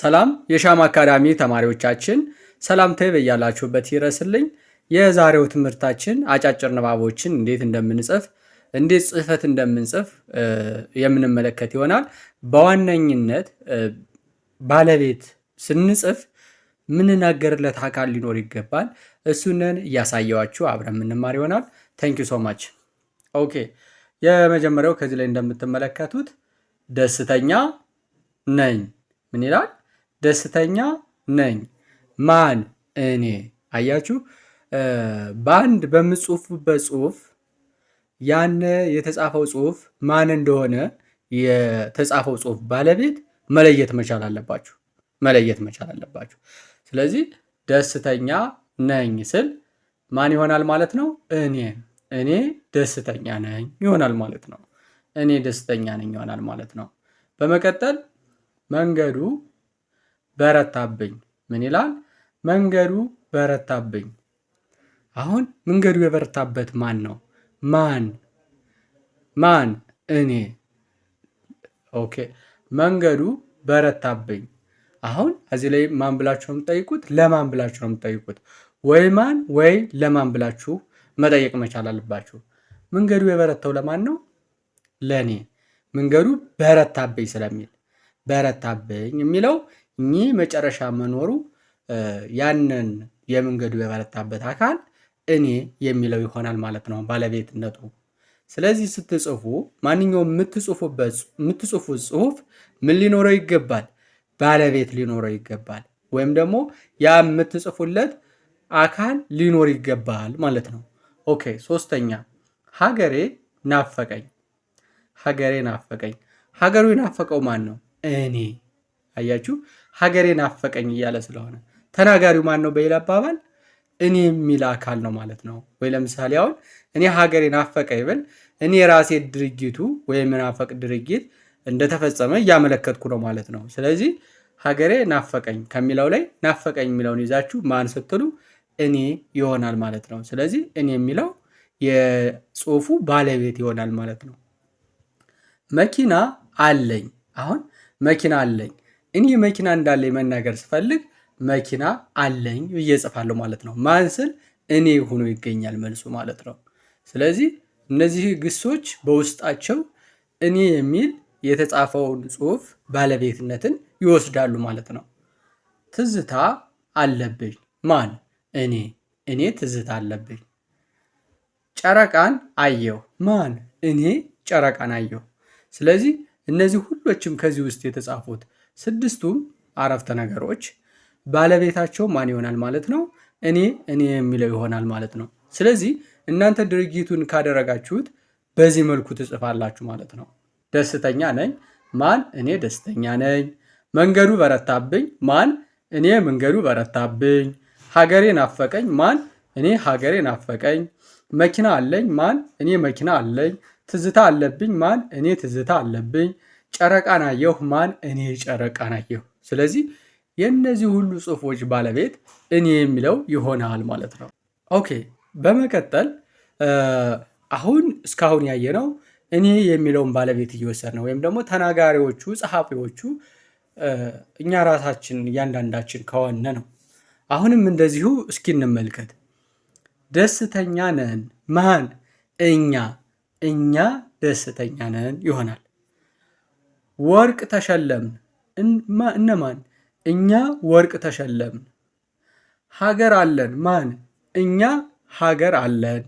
ሰላም የሻማ አካዳሚ ተማሪዎቻችን ሰላምታዬ በያላችሁበት ይድረስልኝ። የዛሬው ትምህርታችን አጫጭር ንባቦችን እንዴት እንደምንጽፍ እንዴት ጽህፈት እንደምንጽፍ የምንመለከት ይሆናል። በዋነኝነት ባለቤት ስንጽፍ ምንናገርለት አካል ሊኖር ይገባል። እሱንን እያሳየዋችሁ አብረን የምንማር ይሆናል። ታንኪ ዩ ሶ ማች። ኦኬ የመጀመሪያው ከዚህ ላይ እንደምትመለከቱት ደስተኛ ነኝ ምን ይላል? ደስተኛ ነኝ። ማን? እኔ። አያችሁ በአንድ በምጽፉበት ጽሁፍ ያን የተጻፈው ጽሁፍ ማን እንደሆነ የተጻፈው ጽሁፍ ባለቤት መለየት መቻል አለባችሁ መለየት መቻል አለባችሁ። ስለዚህ ደስተኛ ነኝ ስል ማን ይሆናል ማለት ነው? እኔ እኔ ደስተኛ ነኝ ይሆናል ማለት ነው። እኔ ደስተኛ ነኝ ይሆናል ማለት ነው። በመቀጠል መንገዱ በረታብኝ። ምን ይላል? መንገዱ በረታብኝ። አሁን መንገዱ የበረታበት ማን ነው? ማን ማን? እኔ። ኦኬ መንገዱ በረታብኝ። አሁን እዚህ ላይ ማን ብላችሁ ነው የምጠይቁት ለማን ብላችሁ ነው የምጠይቁት ወይ ማን ወይ ለማን ብላችሁ መጠየቅ መቻል አለባችሁ። መንገዱ የበረታው ለማን ነው? ለእኔ። መንገዱ በረታብኝ ስለሚል በረታብኝ የሚለው እኚህ መጨረሻ መኖሩ ያንን የመንገዱ የበረታበት አካል እኔ የሚለው ይሆናል ማለት ነው ባለቤትነቱ። ስለዚህ ስትጽፉ ማንኛውም የምትጽፉት ጽሁፍ ምን ሊኖረው ይገባል? ባለቤት ሊኖረው ይገባል። ወይም ደግሞ ያ የምትጽፉለት አካል ሊኖር ይገባል ማለት ነው። ኦኬ ሶስተኛ ሀገሬ ናፈቀኝ። ሀገሬ ናፈቀኝ። ሀገሩ የናፈቀው ማን ነው? እኔ አያችሁ ሀገሬ ናፈቀኝ እያለ ስለሆነ ተናጋሪው ማን ነው? በሌላ አባባል እኔ የሚል አካል ነው ማለት ነው። ወይ ለምሳሌ አሁን እኔ ሀገሬ ናፈቀ ይብል እኔ የራሴ ድርጊቱ ወይም ናፈቅ ድርጊት እንደተፈጸመ እያመለከትኩ ነው ማለት ነው። ስለዚህ ሀገሬ ናፈቀኝ ከሚለው ላይ ናፈቀኝ የሚለውን ይዛችሁ ማን ስትሉ እኔ ይሆናል ማለት ነው። ስለዚህ እኔ የሚለው የጽሁፉ ባለቤት ይሆናል ማለት ነው። መኪና አለኝ። አሁን መኪና አለኝ እኔ መኪና እንዳለኝ መናገር ስፈልግ መኪና አለኝ ብዬ ማለት ነው። ማን ስል እኔ ሆኖ ይገኛል መልሱ ማለት ነው። ስለዚህ እነዚህ ግሶች በውስጣቸው እኔ የሚል የተጻፈውን ጽሑፍ ባለቤትነትን ይወስዳሉ ማለት ነው። ትዝታ አለብኝ ማን? እኔ እኔ ትዝታ አለብኝ። ጨረቃን አየሁ ማን? እኔ ጨረቃን አየሁ። ስለዚህ እነዚህ ሁሎችም ከዚህ ውስጥ የተጻፉት ስድስቱም አረፍተ ነገሮች ባለቤታቸው ማን ይሆናል ማለት ነው? እኔ እኔ የሚለው ይሆናል ማለት ነው። ስለዚህ እናንተ ድርጊቱን ካደረጋችሁት በዚህ መልኩ ትጽፋላችሁ ማለት ነው። ደስተኛ ነኝ ማን? እኔ ደስተኛ ነኝ። መንገዱ በረታብኝ ማን? እኔ መንገዱ በረታብኝ። ሀገሬ ናፈቀኝ ማን? እኔ ሀገሬ ናፈቀኝ። መኪና አለኝ ማን? እኔ መኪና አለኝ። ትዝታ አለብኝ ማን? እኔ ትዝታ አለብኝ። ጨረቃን አየሁ ማን እኔ ጨረቃን አየሁ ስለዚህ የእነዚህ ሁሉ ጽሁፎች ባለቤት እኔ የሚለው ይሆናል ማለት ነው ኦኬ በመቀጠል አሁን እስካሁን ያየነው እኔ የሚለውን ባለቤት እየወሰድ ነው ወይም ደግሞ ተናጋሪዎቹ ጸሐፊዎቹ እኛ ራሳችን እያንዳንዳችን ከሆነ ነው አሁንም እንደዚሁ እስኪ እንመልከት ደስተኛ ነን ማን እኛ እኛ ደስተኛ ነን ይሆናል ወርቅ ተሸለምን። እነማን? እኛ ወርቅ ተሸለምን። ሀገር አለን። ማን? እኛ ሀገር አለን።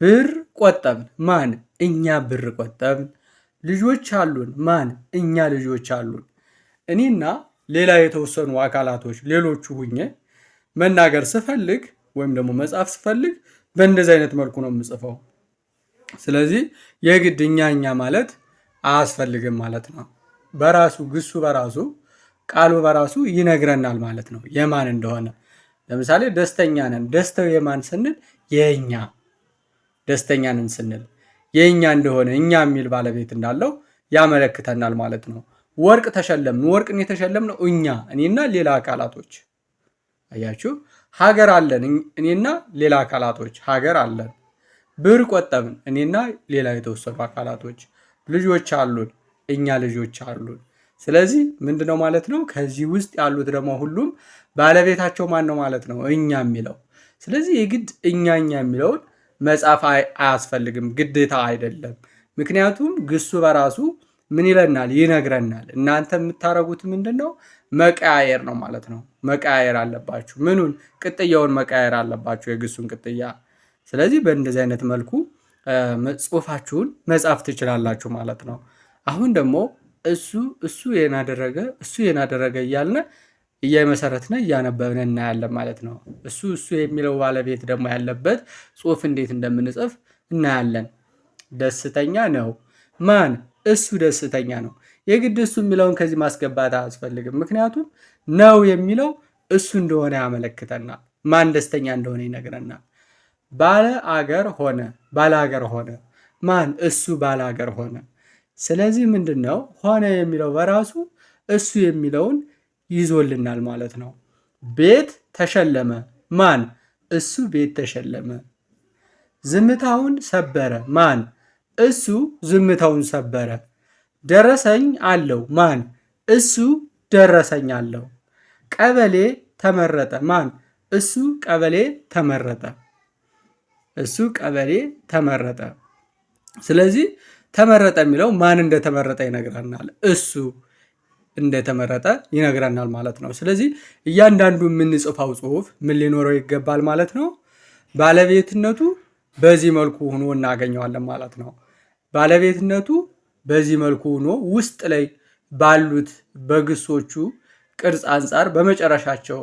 ብር ቆጠብን። ማን? እኛ ብር ቆጠብን። ልጆች አሉን። ማን? እኛ ልጆች አሉን። እኔና ሌላ የተወሰኑ አካላቶች ሌሎቹ ሁኜ መናገር ስፈልግ ወይም ደግሞ መጻፍ ስፈልግ በእንደዚህ አይነት መልኩ ነው የምጽፈው። ስለዚህ የግድ እኛ እኛ ማለት አያስፈልግም ማለት ነው። በራሱ ግሱ በራሱ ቃሉ በራሱ ይነግረናል ማለት ነው የማን እንደሆነ። ለምሳሌ ደስተኛ ነን፣ ደስተው የማን ስንል የእኛ ደስተኛ ነን ስንል የእኛ እንደሆነ እኛ የሚል ባለቤት እንዳለው ያመለክተናል ማለት ነው። ወርቅ ተሸለምን፣ ወርቅን የተሸለምነው እኛ እኔና ሌላ አካላቶች አያችሁ። ሀገር አለን እኔና ሌላ አካላቶች ሀገር አለን። ብር ቆጠብን እኔና ሌላ የተወሰኑ አካላቶች ልጆች አሉን፣ እኛ ልጆች አሉን። ስለዚህ ምንድነው ማለት ነው? ከዚህ ውስጥ ያሉት ደግሞ ሁሉም ባለቤታቸው ማን ነው ማለት ነው? እኛ የሚለው ስለዚህ የግድ እኛ እኛ የሚለውን መጻፍ አያስፈልግም፣ ግዴታ አይደለም። ምክንያቱም ግሱ በራሱ ምን ይለናል? ይነግረናል። እናንተ የምታደርጉት ምንድን ነው? መቀያየር ነው ማለት ነው። መቀያየር አለባችሁ። ምኑን? ቅጥያውን መቀያየር አለባችሁ፣ የግሱን ቅጥያ። ስለዚህ በእንደዚህ አይነት መልኩ ጽሁፋችሁን መጻፍ ትችላላችሁ ማለት ነው። አሁን ደግሞ እሱ እሱ የናደረገ እሱ የናደረገ እያልን እየመሰረትን እያነበብን እናያለን ማለት ነው። እሱ እሱ የሚለው ባለቤት ደግሞ ያለበት ጽሁፍ እንዴት እንደምንጽፍ እናያለን። ደስተኛ ነው ማን? እሱ ደስተኛ ነው። የግድ እሱ የሚለውን ከዚህ ማስገባት አያስፈልግም። ምክንያቱም ነው የሚለው እሱ እንደሆነ ያመለክተናል። ማን ደስተኛ እንደሆነ ይነግረናል። ባለ አገር ሆነ። ባለ አገር ሆነ ማን? እሱ ባለ አገር ሆነ። ስለዚህ ምንድን ነው ሆነ የሚለው በራሱ እሱ የሚለውን ይዞልናል ማለት ነው። ቤት ተሸለመ ማን? እሱ ቤት ተሸለመ። ዝምታውን ሰበረ ማን? እሱ ዝምታውን ሰበረ። ደረሰኝ አለው ማን? እሱ ደረሰኝ አለው። ቀበሌ ተመረጠ ማን? እሱ ቀበሌ ተመረጠ። እሱ ቀበሌ ተመረጠ። ስለዚህ ተመረጠ የሚለው ማን እንደተመረጠ ይነግረናል። እሱ እንደተመረጠ ይነግረናል ማለት ነው። ስለዚህ እያንዳንዱ የምንጽፋው ጽሁፍ ምን ሊኖረው ይገባል ማለት ነው። ባለቤትነቱ በዚህ መልኩ ሆኖ እናገኘዋለን ማለት ነው። ባለቤትነቱ በዚህ መልኩ ሆኖ ውስጥ ላይ ባሉት በግሶቹ ቅርጽ አንጻር በመጨረሻቸው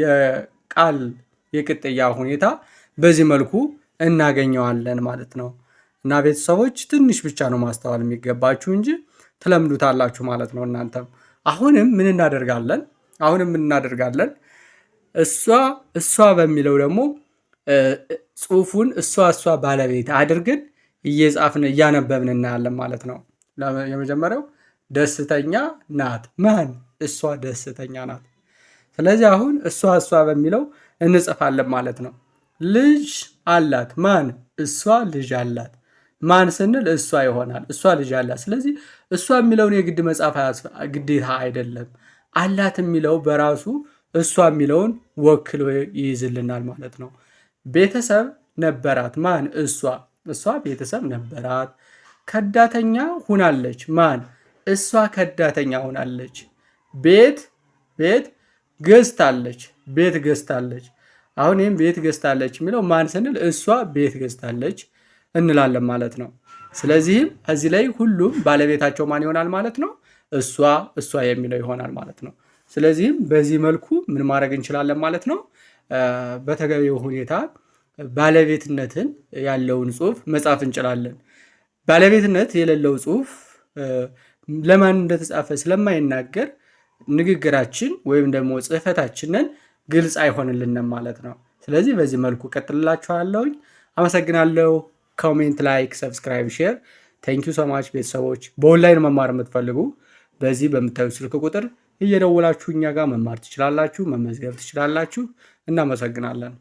የቃል የቅጥያ ሁኔታ በዚህ መልኩ እናገኘዋለን ማለት ነው። እና ቤተሰቦች ትንሽ ብቻ ነው ማስተዋል የሚገባችሁ እንጂ ትለምዱታላችሁ ማለት ነው። እናንተም አሁንም ምን እናደርጋለን? አሁንም ምን እናደርጋለን? እሷ እሷ በሚለው ደግሞ ጽሑፉን እሷ እሷ ባለቤት አድርገን እየጻፍን እያነበብን እናያለን ማለት ነው። የመጀመሪያው ደስተኛ ናት። ማን? እሷ ደስተኛ ናት። ስለዚህ አሁን እሷ እሷ በሚለው እንጽፋለን ማለት ነው። ልጅ አላት። ማን? እሷ ልጅ አላት። ማን ስንል እሷ ይሆናል። እሷ ልጅ አላት። ስለዚህ እሷ የሚለውን የግድ መጻፍ ግዴታ አይደለም። አላት የሚለው በራሱ እሷ የሚለውን ወክሎ ይይዝልናል ማለት ነው። ቤተሰብ ነበራት። ማን? እሷ። እሷ ቤተሰብ ነበራት። ከዳተኛ ሁናለች። ማን? እሷ ከዳተኛ ሁናለች። ቤት ቤት ገዝታለች። ቤት ገዝታለች። አሁን ይህም ቤት ገዝታለች የሚለው ማን ስንል እሷ ቤት ገዝታለች እንላለን ማለት ነው። ስለዚህም እዚህ ላይ ሁሉም ባለቤታቸው ማን ይሆናል ማለት ነው? እሷ እሷ የሚለው ይሆናል ማለት ነው። ስለዚህም በዚህ መልኩ ምን ማድረግ እንችላለን ማለት ነው። በተገቢው ሁኔታ ባለቤትነትን ያለውን ጽሁፍ መጻፍ እንችላለን። ባለቤትነት የሌለው ጽሁፍ ለማን እንደተጻፈ ስለማይናገር ንግግራችን ወይም ደግሞ ጽህፈታችንን ግልጽ አይሆንልንም ማለት ነው። ስለዚህ በዚህ መልኩ ቀጥልላችኋለሁኝ። አመሰግናለሁ። ኮሜንት፣ ላይክ፣ ሰብስክራይብ፣ ሼር ቴንኪዩ ሶማች ቤተሰቦች። በኦንላይን መማር የምትፈልጉ በዚህ በምታዩት ስልክ ቁጥር እየደወላችሁ እኛ ጋር መማር ትችላላችሁ፣ መመዝገብ ትችላላችሁ። እናመሰግናለን።